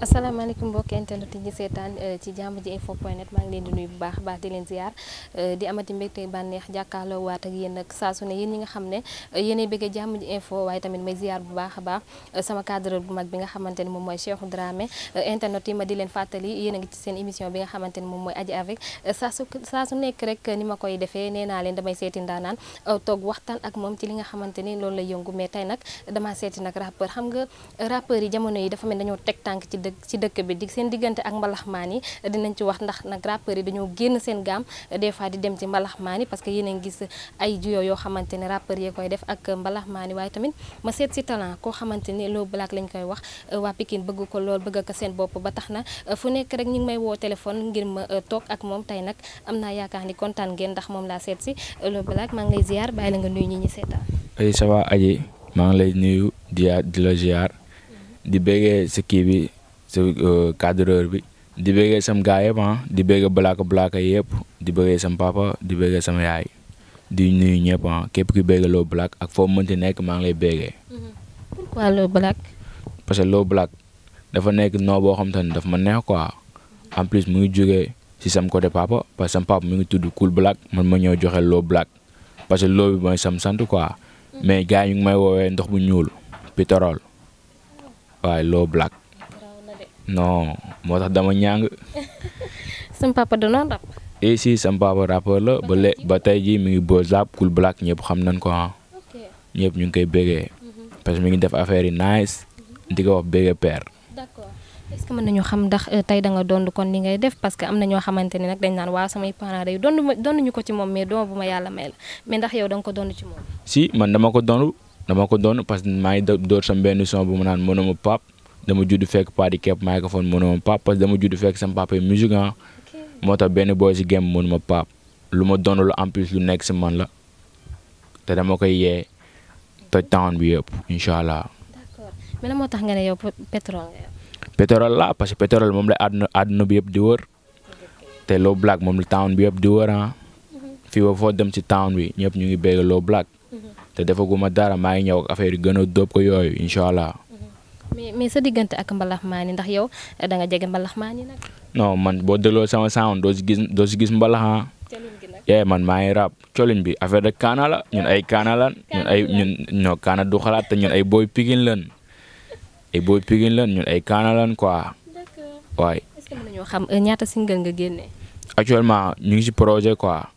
asalaamaaleykum mbokki internet yi ñu seetaan eh, ci jàmm ji info point net maa ngi leen di nuyu bu baax a baax di leen ziar eh, di amati mbégte bànneex jàkkaarloo waat ak yéen nag saa su ne yéen ñi nga xam ne eh, yéenay bëggee jàmm ji info waaye tamit may ziar bu baax a baax sama cadre bu mag bi nga xamante ne moom mooy Cheikh Dramé internet yi ma di leen fàttali yéen a ci seen émission bi nga xamante ne moom mooy Adji avec saa su rek ni ma koy defee nee naa leen damay seeti ndaanaan toog waxtaan ak moom ci li nga xamante ni loolu la yëngu mais tey nag damaa seeti nag rappeur xam nga rappeur yi jamono yi dafa mel dañoo teg tànk ci dëkk ci dëkk bi di seen diggante ak mbalaxmaan yi dinañ ci wax ndax nag rappeurs dañoo génn seen gaam des di dem ci mbalaxmaan yi parce que yéen a ngi gis ay juyoo yoo xamante ne rappeurs yi koy def ak mbalaxmaan yi waaye tamit ma seet si talent koo xamante ne Lo Black lañ koy wax waa Pikine bëgg ko lool bëgg ko seen bopp ba tax na fu nekk rek ñu may woo téléphone ngir ma euh, toog ak moom tey nag am na yaakaar ni kontaan ngeen ndax moom laa seet si euh, Lo Black maa ngi lay la nga nuyu ñi ñi seetaan ay ça va aji maa sa euh, cadreur bi di bëggee sam gaa yëpp ah, di bëggee blaaka blaaka yëpp di bëggee sam papa di bëggee sama yaay di nuyu ñëpp ah, képp ki bëggee Lo Black ak foo mënti nekk maa ngi lay bëggee. Mm-hmm. parce que Lo Black dafa nekk no boo xam te dafa ma neex quoi en plus mu ngi jógee ci sam côté papa parce que sam papa mu ngi tudd Cool Black man ma ñëw joxe Lo Black parce que loo bi mooy sam sant quoi mm-hmm. mais gars ñu ngi may woowee ndox bu ñuul pétrole oh. waaye Lo Black. non moo tax dama ñàng. sama papa danoon rap. eh si sama papa rappeur la ba le ba tey jii mi ngi Boz Rap Cool Black ñëpp xam nañ ko ah. ñëpp ñu ngi koy bégee. Mhm. parce que mi ngi def affaire yi nice. Mhm. di ko wax bégee père. d'accord est-ce que mën nañu xam ndax euh, tey da nga kon li ngay def parce am na ñoo xamante ne nag dañ naan waaw samay parents day doon ma doon ñu ko ci moom mais doom bu ma yàlla may la mais ndax yow da nga ko doon ci moom. si man dama ko doon dama ko doon parce maa ngi doon sama benn son bu ma naan mënuma pap dama judd fekk paa di kepp microphone mu ne ma paap parce dama judd fekk sama papa yi musique ah. moo tax benn boy si game mu ne ma paap lu ma doon lu en plus lu nekk si man la te dama koy yee toj town bi yëpp incha allah. mais moo tax nga ne yow pétrole la parce que pétrole moom la àdduna àdduna bi yëpp di wër te Low moom la bi yëpp di wër ah. Mhm. fii foo dem ci town bi ñëpp ñu ngi bégg Low Black. Mhm. te defaguma dara maa ngi ñëw ak affaire yi gën a dóob ko yooyu incha allah. mais mais sa diggante ak mbalax maani ndax yow eh, da nga jege mbalax maani nag. man boo dégloo sama sound doo si gis doo si gis mbalax ah. man maa ngi rap colin bi affaire de kaana la ñun ay kaana lan ñun ay ñoo kaana du xalaat te ay booy pigin lan ay booy pigin lan ñun ay kaana lan quoi waaye. est xam euh, ñaata single nga génne. actuellement ñu ngi si projet quoi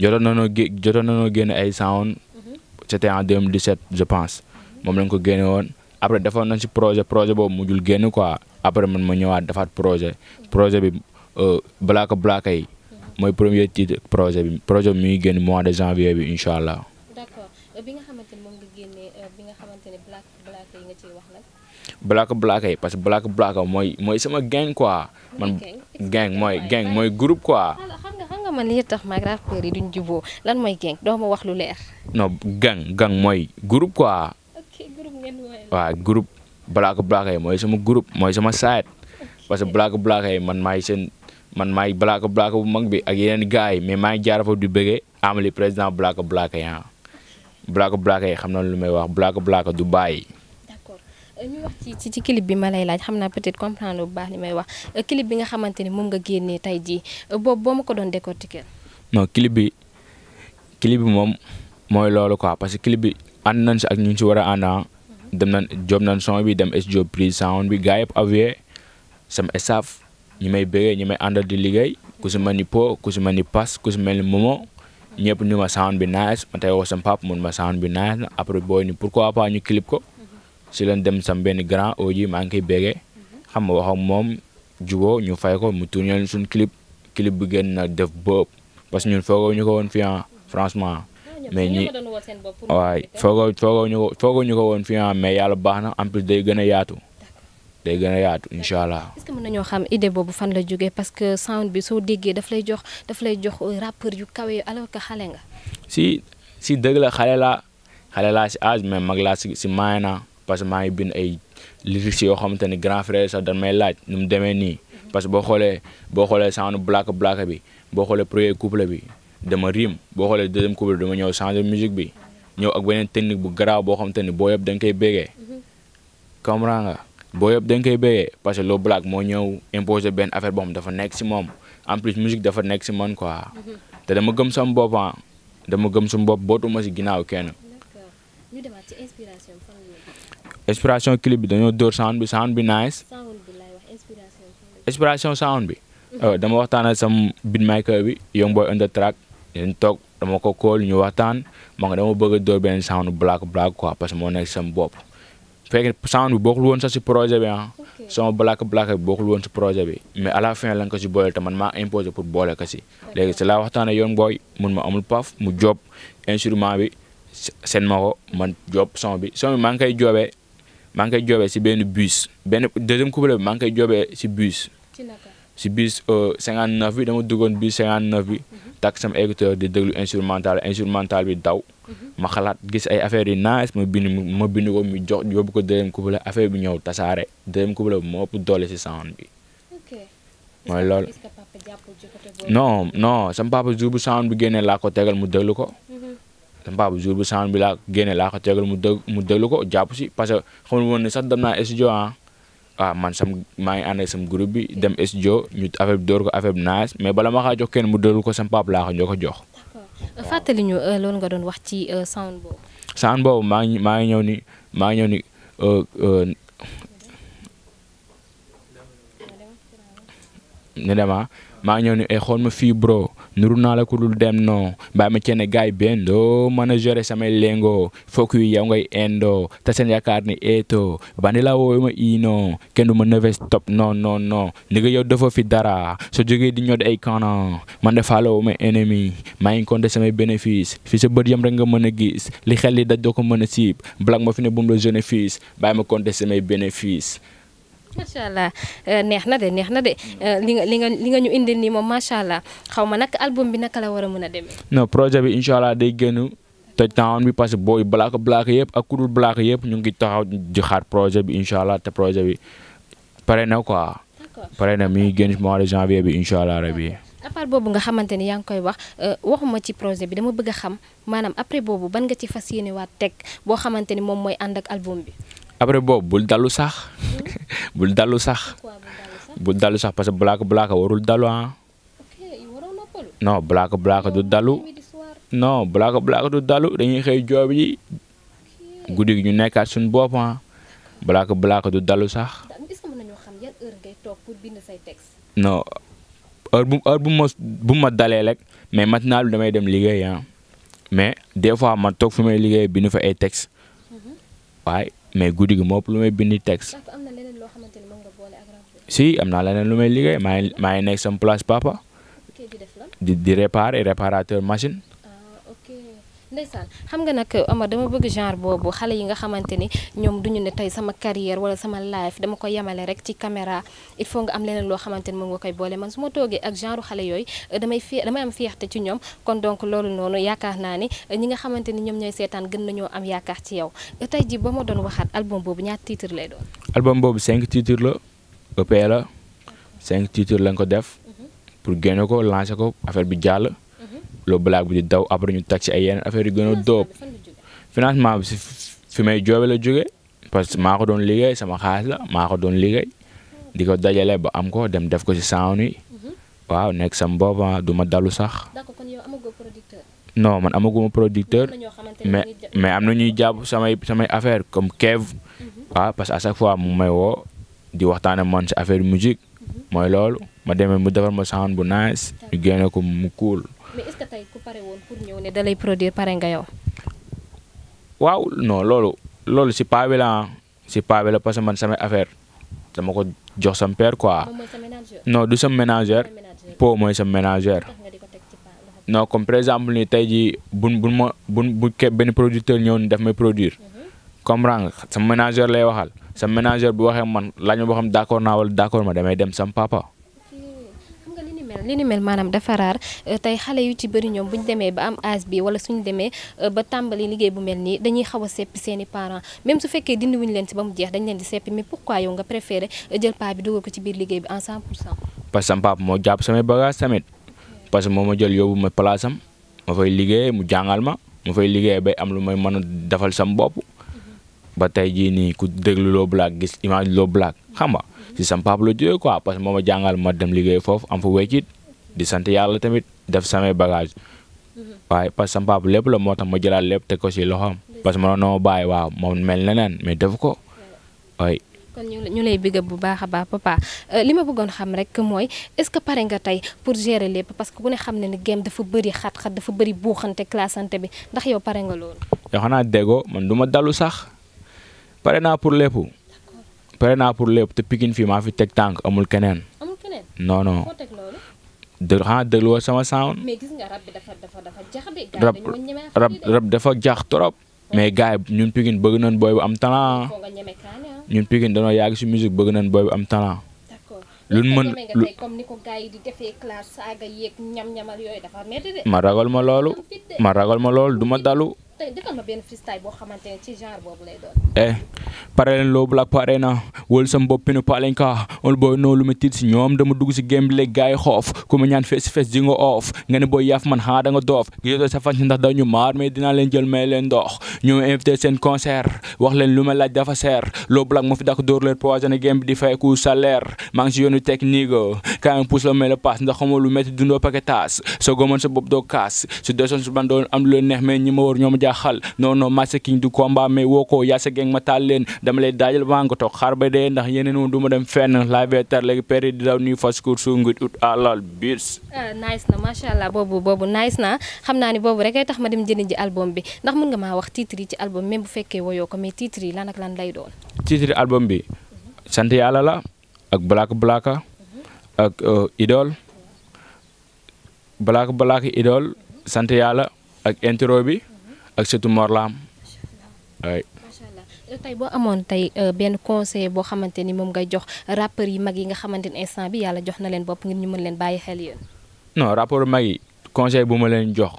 jotoon nañoo gé jotoon nañoo génne ay sound mhm. c'était en 2017 je pense mhm. moom lañ ko génne woon. après defoon na si projet projet boobu jul génn quoi après man ma ñëwaat defaat projet projet bi Blaka Blaka yi mooy premier titre projet bi projet bi muy génn mois de janvier bi incha allah. d'accord euh, bi nga xamante yi euh, parce que Blaka Blaka mooy mooy sama gang quoi. man gang mooy gang mooy groupe quoi. man li tax maag rappeur yi duñ juboo lan ma wax lu leer. non gang gang mooy groupe quoi waaw groupe Black Black yi mooy sama groupe mooy sama site parce que Black Black yi man maay seen man maay Black Black bu mag bi ak yeneen gars yi mais maa ngi jaar fa du bëggee Amly président Black Black yi ah. Black Black yi xam na lu may wax Black Black du bàyyi. Euh, ñu wax ci ci clip bi ma lay laaj xam naa peut-être comprendre bu baax li may euh, bi nga xamante ni moom nga génnee tey jii euh, boobu ma ko doon décortiquer. non clip bi clip bi moom mooy loolu ko parce que clip bi ànd nañ si ak ñu si war a ànd ah. dem na job na son bi dem studio prise sound bi gars yëpp avoué sama staff ñi may bëggee ñi may àndal di liggéey ku si ma ni Po ku si mel ni Pass ku si mel ni Momo ñëpp ñu ma sound bi nice ma tey woo sama papa mun ma sound bi nice na après booy ni pourquoi pas ñu clip ko si leen dem sam benn grand auji maa ngi koy bëggee xam nga wax moom juboo ñu fay ko mu tourné suñu clip clip bi gën na def boobu parce que ñun foogoo ñu ko woon fii ah, mais ñi waay foogoo foogoo ñu ko woon fi nga mais yàlla baax na en day gën a yaatu. day gën a yaatu incha allah. est-ce que mën xam idée boobu fan la jógee parce que sound bi soo déggee daf lay jox daf lay jox rappeur yu kawe alors que xale nga. si si dëgg la xale laa xale laa si âge mais mag laa si si maay naa parce que maa ngi bind ay lyrics yoo xamante ni grand frère sax dañ may laaj nu mu demee nii. Mhm. parce que boo xoolee boo xoolee sound black black bi boo xoolee premier couple bi dama riim boo xoolee deuxième couple dama ñëw changer musique bi ñëw ak beneen technique bu garaaw boo xam te ni boo yëpp da koy bégee comprends nga boo yëpp da koy bégee parce que Lo Black moo ñëw imposer benn affaire boo xam dafa nekk si moom en plus musique dafa nekk si man quoi te dama gëm sama bopp ah. dama gëm sama bopp bootuma si ginnaaw kenn. ñu demaat inspiration clip bi dañoo dóor sound bi sound bi nice. inspiration sound bi. Euh, dama waxtaan ak sama beatmaker bi Young Boy on ñu toog dama ko kóol ñu waxtaan ma nga dama bëgg a dóor benn sound black black quoi parce que moo nekk sama bopp fekk sound bi bokkul woon sa si projet bi ah sama black black bi bokkul woon si projet bi mais à la fin lañ ko si boole te man maa imposé pour boole ko si léegi si la waxtaan ak yoon booy mun ma amul paf mu job instrument bi seen ma ko man job son bi son bi maa ngi koy joobee maa ngi koy si benn bus benn deuxième couplet bi maa ngi koy joobee si bus si biir euh, 59 bi dama duggoon biir 59 bi mhm. takk sama écouteur di déglu instrumental instrumental bi daw mhm. ma xalaat gis ay affaire yu nice ma bind ma bind ko mu jox yóbbu ko deuxième couplet affaire bi ñëw tasaare deuxième couplet si sound bi mooy loolu non non sama papa jour bu ko tegal mu déglu ko mhm. sama papa jour bu sound bi laa génnee laa ko tegal mu déglu mu déglu ko jàpp si parce que xamul woon ne sax dem naa studio ah. waaw ah, man sam maa ngi ànd ak sam group bi dem studio ñu affaire bi door ko affaire bi naas mais bala ma xaa jox kenn mu dóorul ko sam pap laa ko ñoo ko jox. fàttali ñu euh, loolu nga doon wax ci euh, sound boobu. maa maa ngi ñëw ni maa ngi ñëw ni. Euh, ne dama ah. maa ngi ñëw ni eh, xool ma fii bro. nuru naa la ku dul dem non mbaa ma cene gaay bendo mën a gérer samay lengo fokk yu yow ngay endo te seen yaakaar ni eeto bandi la wooyu ma iino kenn du ma neves top non non non ndiga yow dafa fi dara so jógee di ñod ay kana man defaaloo ma ennemi maa ngi compté samay bénéfice fi sa bët yam rek nga mën a gis li xel li daj doo ko mën a siib blague ma fi ne bumu la jeune fils bàyyi ma compté samay bénéfice macha allah eh, neex na de neex na de eh, li nga li nga li nga ñu indil nii moom macha allah xaw ma nag album bi naka la war a mën a demee. non projet bi incha allah day génn te temps bi que booy black black yëpp ak ku dul yëpp ñu ngi taxaw di xaar projet bi incha allah te bi pare na ko pare na mi ngi génn mois de janvier bi incha allah rabi. à boobu nga xamante ni yaa ngi koy wax eh, waxuma ci projet bi dama bëgg a xam maanaam après boobu ban nga ci fas yéene waat teg boo xamante ni moom mooy ànd ak album bi. après boobu bul dalu sax hmm? bul dalu sax bul dalu sax parce que black black warul dalu ah. no non black black du dalu non black du dalu dañuy xëy joob yi guddi gi ñu nekkaat suñu bopp ah black black du dalu sax non heure bu heure bu ma dalee rek mais mat maintenant damay dem liggéey ah mais des fois ma toog fi may liggéey bi nu fa ay texte mhm. waaye. mais guddi gi moo lu may bindi texte si am naa leneen lu may liggéey maa ngi maa ngi nekk sama place papa di di réparer réparateur machine ndeysaan xam nga nag Omar dama bëgg genre boobu xale yi nga xamante ni ñoom duñu ne tey sama carrière wala sama life dama ko yemale rek ci caméra il faut nga am leneen loo xamante ni moom nga koy boole man su ma toogee ak genre xale yooyu damay fi damay am fierté ci ñoom kon donc loolu noonu yaakaar naa ni ñi xamante ni ñoom ñooy seetaan gën nañoo am yaakaar ci yow tey ji boo ma doon waxaat album boobu ñaata titre lay doon. album boobu cinq titres la EP la cinq titres lañ ko def mhm. pour génne ko lancer ko affaire bi jàll. loo blague bi di daw après ñu tag ci ay yenn affaire yu gën a dóob financement bi si fi may joobe la jóge parce que maa ko doon liggéey sama xaalis la maa ko doon liggéey di ko dajale ba am ko dem def ko si sound yi mhm. waaw nekk sama bopp ah, du ma dalu sax non man amaguma producteur mais mais am na ñuy jàpp samay samay affaire comme Kev mhm. waaw parce que à chaque fois mu may woo di waxtaane man si affaire musique mhm. mooy loolu ma demee mu defar ma sound bu nice ñu génne ko mu kuul mais est-ce nga yow. waaw non loolu loolu si paa bi la si paa parce que man sama affaire dama ko jox sam père quoi. non du sam ménagère. po mooy sam ménagère. non comme par exemple ni tey jii buñ buñ ma buñ bu benn producteur ñëw ni daf may produire. Mhm. comprendre nga sam ménagère lay waxal. sam ménagère bu waxee man laaj ma boo xam d'accord naa wala d'accord ma damay dem sam papa. li ni mel maanaam dafa raar euh, tey xale yu ci bëri ñoom bu ñu demee ba am âge bi wala suñu demee euh, ba tàmbali liggéey bu mel nii dañuy xaw a seppi seen i même su fekkee dindi wuñu leen si ba mu jeex dañ leen di seppi mais pourquoi yow nga préféré euh, jël paa bi dugal ko ci biir liggéey bi en 100 pour cent parce moo jàpp samay bagage tamit parce que moo ma jël yóbbu ma place am ma fay liggéey mu jàngal ma ma fay liggéey bay am lu may mën a defal sam bopp ba tey jii nii ku déglu loo black gis image loo black xam nga si sam papa la jógee quoi parce que moo ma jàngal ma dem liggéey foofu am fa weccit di sant yàlla tamit def samay bagage mm-hmm. waaye parce que sam lépp la moo tax ma jëlaat lépp teg ko si loxoom parce que mënoon na ma bàyyi waaw moom mel na neen mais def ko waaye. kon ñu ñu lay bëgg bu baax a baax papa euh, li ma bëggoon xam rek mooy est-ce que pare nga tey pour gérer lépp parce que ku ne xam ne ni game dafa bëri xat-xat dafa bëri buuxante classante bi ndax yow pare nga loolu. yoo man du ma dalu sax pare naa pour lépp. pare naa pour lépp te Pikine fii maa fi teg tànk amul keneen. amul keneen non non. foo teg loolu. Ah, sama sound. rab rab dafa jax trop. mais gars yi ñun Pikine bëgg nañ booy bu am talent. Ah. ñun Pikine dañoo yàgg si musique bëgg nañ booy bu am talent. luñ mën lu ma ragal ma loolu. ma ragal ma loolu du dalu. tey defal ma benn freestyle boo xamante ne ci genre boobu lay eh, la pare na wóolu sama bopp pinu palenka ol booy noonu lu ma tiit si ñoom dama dugg si game bi léegi gars yi xoof ku ma ñaan fees fees di nga oof nga ne booy yaaf man xaa da nga doof gisatoo sa fan si ndax dañu maar mais dinaa leen jël may leen ndox ñoo invité seen concert wax leen lu ma laaj dafa seer loobu lak ma fi dakk dóor leen poisonné game bi di fay ku salaire maa ngi si yoonu technique kaay ma pousse la may la paas ndax xamoo lu métti dundoo jaxal noonu match du combat mais woo ko yaasa ma taal leen dama lay daajal maa nga toog xaar ba dee ndax yeneen moom du ma dem fenn laay bee tar léegi péri di daw nuyu fas cour su ngit ut alal bis ah, nice na macha allah boobu boobu na xam naa ni boobu rek tax ma dem jënd ji album bi ndax mën nga maa wax titre yi ci album même bu fekkee woyoo ko bi sant yàlla la ak black black ak euh, idol black black idol sant yàlla ak intro bi ak sëtu Morlam ay euh, tey boo amoon tey euh, benn conseil boo xamante ni moom ngay jox rappeurs yi mag yi nga xamante ni instant bi yàlla jox na leen bopp ngir ñu mën leen bàyyi xel yéen. non rappeurs mag yi conseil bu ma leen jox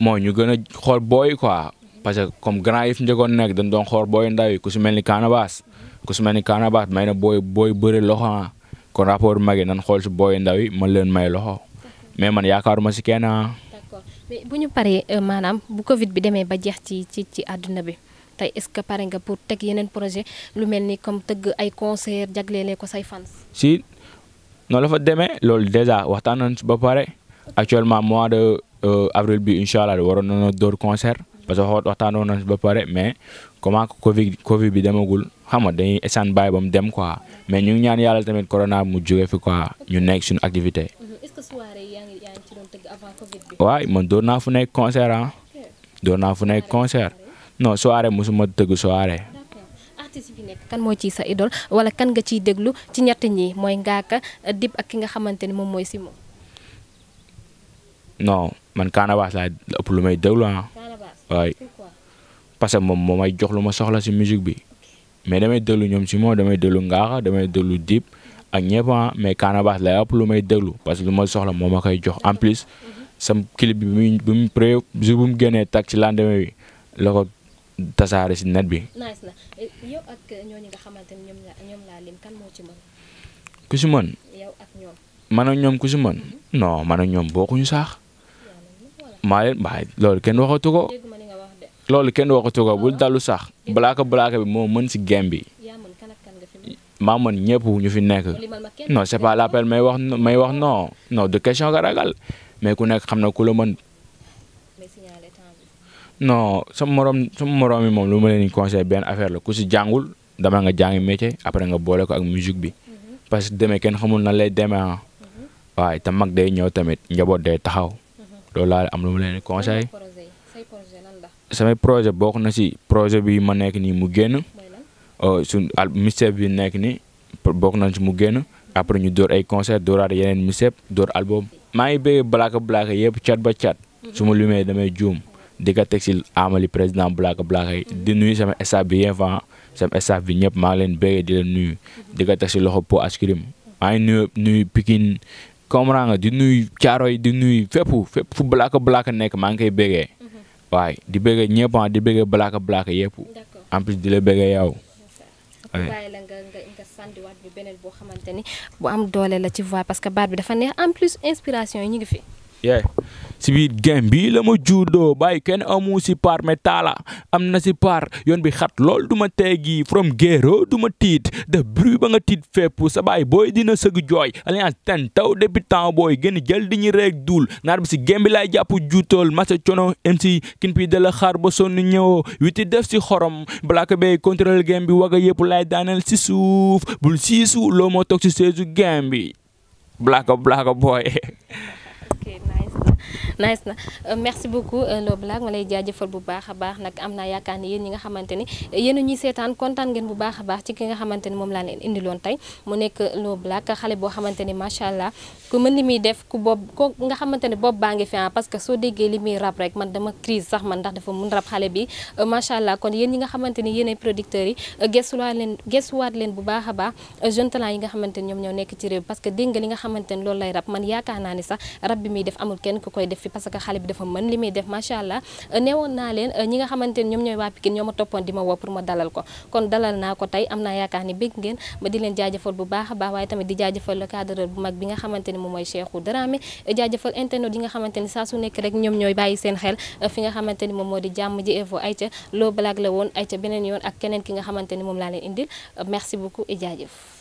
moo ñu gën a xool booy quoi parce que comme grand yi fi njëkkoon nekk dañ doon xool booy ndaw yi ku si mel ni Canabasse ku si mel ni Canabasse may na booy booy bëri loxo ah. kon rappeurs mag yi nan xool si booy ndaw yi ma leen may loxo mais mais bu ñu paree euh, maanaam bu Covid bi demee ba jeex ci ci ci àdduna bi tey est-ce que pare nga pour teg yeneen projet lu mel ni comme tëgg ay concert jagleele ko say fan si noonu la fa demee loolu déjà waxtaan si ba pare actuellement mois de euh, avril bi incha allah waroon nañoo door concert parce que waxtaanoon nañ ba pare mais comment Covid Covid bi demagul xam nga dañuy essane bàyyi ba mu dem quoi mais ñu ñaan yàlla tamit corona mu jóge fi quoi ñu nekk suñu activité. Mm-hmm. avant Covid waay man doon naa fu nekk concert ah. doon naa fu nekk concert no soirée mosuma tëgg soirée. kan moo ciy sa idole wala kan nga ciy déglu ci ñett ñi mooy Ngaaka Dip ak ki nga xamante ni moom mooy Simon. no man Canabasse laa ëpp lu may déglu ah. waay parce que moom moo may jox lu ma soxla si musique bi mais damay déglu ñoom Simon damay déglu Ngaaka damay déglu Dip. ak ñëpp ah, mais Canabasse lay ëpp lu may déglu parce que lu ma soxla moo ma koy jox en plus sam clip bi mu pré jour bu mu génnee tag ci lendemain bi la ko tasaare si net bi. na eh, yow ku si mën. man a ñoom ku si mën. Mm-hmm. non man ak ñoom bokkuñu saax. maa leen waaye loolu kenn waxatu ko. loolu kenn waxatu ko bul ah. dalu sax. balaaka balaaka bi moo mën si game bi. maa man ñëpp ñu fi nekk non c'est pas l'appel may wax may wax non no de question nga ragal mais ku nekk xam na ku la mën non sama morom sama morom yi moom lu ma leen conseil benn affaire la ku si jàngul dama nga jàngi métier après nga boole ko ak musique bi mhm. parce que demee kenn xamul na lay demee ah. mhm. waaye te mag day ñëw tamit njaboot day taxaw mhm. loolu laa am lu ma leen conseil samay projet bokk na si projet bi ma nekk nii mu génn Euh, suñ mixtape bi nekk ni bokk nañ ci mu génn après ñu door ay concert dooraat yeneen mixtape door album maa ngi bëgg Blaka Blaka yëpp cat ba cat su ma lumee damay juum di ka teg si amali président Blaka Blaka yi di nuyu sama staff bi yéen fan ah. sama bi ñëpp maa leen bëgg di leen nuyu di ka teg si loxo Po Askrim nuyu nuyu Pikine nga di nuyu caaro yi di nuyu fépp fépp fu Blaka Blaka nekk maa ngi koy bëggee mhm. waaye di bëgg ñëpp ah, di bëgg Blaka Blaka yëpp en plus di la bëgg yow. ñu bàyyi la nga nga nga sandiwaat bi beneen boo xamante ni bu am doole la ci voix parce que baat bi dafa neex en plus inspiration yi ñu ngi fi. si biir game bi la ma juudoo bàyyi kenn amu si part mais taala am na si part yoon bi xat lool du ma teegi from géro du ma tiit def bruit ba nga tiit fépp sa baay booy dina sëg jooy alliance ten taw débutant booy gën jël di ñu reeg duul naar bi si game bi laay jàpp juutool masa cono MC kin pi dala xaar ba sonn ñëwoo witi def si xorom black bay contrôle game bi waga yëpp laay daaneel si suuf bul siisu loo moo toog si seesu game black black boy nice na euh, merci beaucoup euh, Lo Black ma lay jaajëfal bu baax a baax nag am naa yaakaar ni yéen ñi nga xamante ni euh, yéen a ñuy seetaan kontaan ngeen a baax ci ki nga moom laa leen indiloon tey mu nekk Lo Black macha allah ku mën li muy def ku bopp ko nga xamante ni baa ngi fi ah, soo déggee li muy rab rek man dama crise sax man ndax dafa mun yi gesuwaat leen bu baax a baax jeune talent yi nga xamante ni ñoom ñoo nekk ci réew parce que dégg nga li loolu lay rab man yaakaar naa ni sax rab bi muy def amul kenn ku koy def parce que xale bi dafa mën li muy def macha allah neewoon naa leen ñi nga xamante ni ñoom ñooy waa Pikine ñoo ma toppoon di ma woo pour ma dalal ko kon dalal naa ko tey am naa yaakaar ni bégg ngeen ma di leen jaajëfal bu baax a baax waaye tamit di jaajëfal le cadreur bu mag bi nga xamante ni moom mooy Cheikhou Dramé internet yi nga xamante ni saa su nekk rek ñoom ñooy bàyyi seen xel fi nga xamante moom moo di jàmm ji Infos ayca loo balaag la woon ayca beneen yoon ak keneen ki nga xamante ni moom laa leen indil merci beaucoup et